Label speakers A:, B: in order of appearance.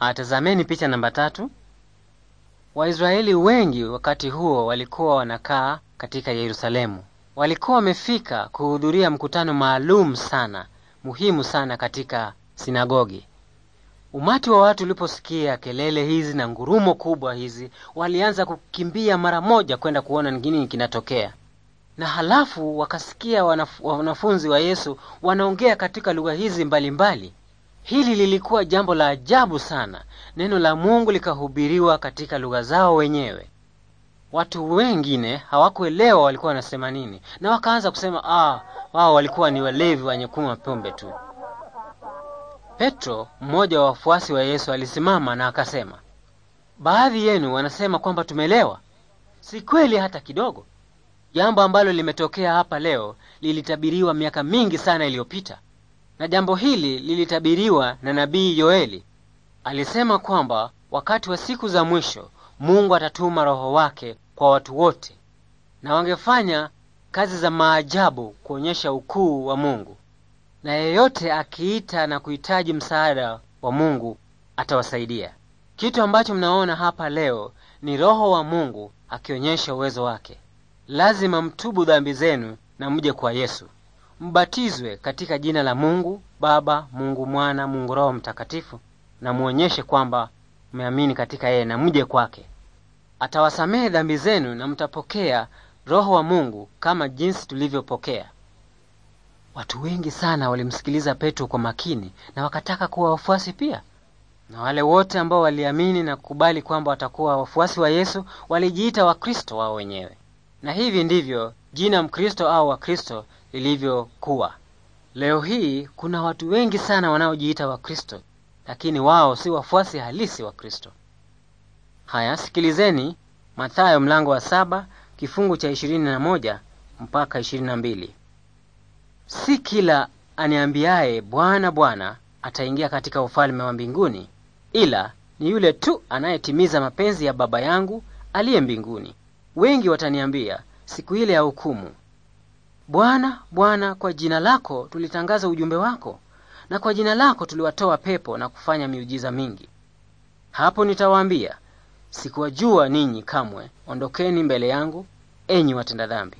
A: Atazameni ah, picha namba tatu. Waisraeli wengi wakati huo walikuwa wanakaa katika Yerusalemu. Walikuwa wamefika kuhudhuria mkutano maalum sana, muhimu sana katika sinagogi. Umati wa watu uliposikia kelele hizi na ngurumo kubwa hizi, walianza kukimbia mara moja kwenda kuona ni nini kinatokea. Na halafu wakasikia wanaf wanafunzi wa Yesu wanaongea katika lugha hizi mbalimbali mbali. Hili lilikuwa jambo la ajabu sana. Neno la Mungu likahubiriwa katika lugha zao wenyewe. Watu wengine hawakuelewa walikuwa wanasema nini, na wakaanza kusema ah, wao walikuwa ni walevi wenye kunywa pombe tu. Petro, mmoja wa wafuasi wa Yesu, alisimama na akasema, baadhi yenu wanasema kwamba tumelewa. Si kweli hata kidogo. Jambo ambalo limetokea hapa leo lilitabiriwa miaka mingi sana iliyopita. Na jambo hili lilitabiriwa na nabii Yoeli. Alisema kwamba wakati wa siku za mwisho Mungu atatuma Roho wake kwa watu wote, na wangefanya kazi za maajabu kuonyesha ukuu wa Mungu, na yeyote akiita na kuhitaji msaada wa Mungu atawasaidia. Kitu ambacho mnaona hapa leo ni Roho wa Mungu akionyesha uwezo wake. Lazima mtubu dhambi zenu na mje kwa Yesu mbatizwe katika jina la Mungu Baba, Mungu Mwana, Mungu Roho Mtakatifu, na muonyeshe kwamba mmeamini katika yeye na mje kwake. Atawasamehe dhambi zenu na mtapokea Roho wa Mungu kama jinsi tulivyopokea. Watu wengi sana walimsikiliza Petro kwa makini na wakataka kuwa wafuasi pia. Na wale wote ambao waliamini na kukubali kwamba watakuwa wafuasi wa Yesu walijiita Wakristo wao wenyewe, na hivi ndivyo jina Mkristo au Wakristo ilivyokuwa. Leo hii kuna watu wengi sana wanaojiita Wakristo, lakini wao si wafuasi halisi wa Kristo. Haya, sikilizeni Mathayo mlango wa saba kifungu cha ishirini na moja mpaka ishirini na mbili. Si kila aniambiaye Bwana, Bwana ataingia katika ufalme wa mbinguni, ila ni yule tu anayetimiza mapenzi ya Baba yangu aliye mbinguni. Wengi wataniambia siku ile ya hukumu, Bwana, Bwana, kwa jina lako tulitangaza ujumbe wako, na kwa jina lako tuliwatoa pepo na kufanya miujiza mingi. Hapo nitawaambia, sikuwajua ninyi kamwe, ondokeni mbele yangu, enyi watenda dhambi.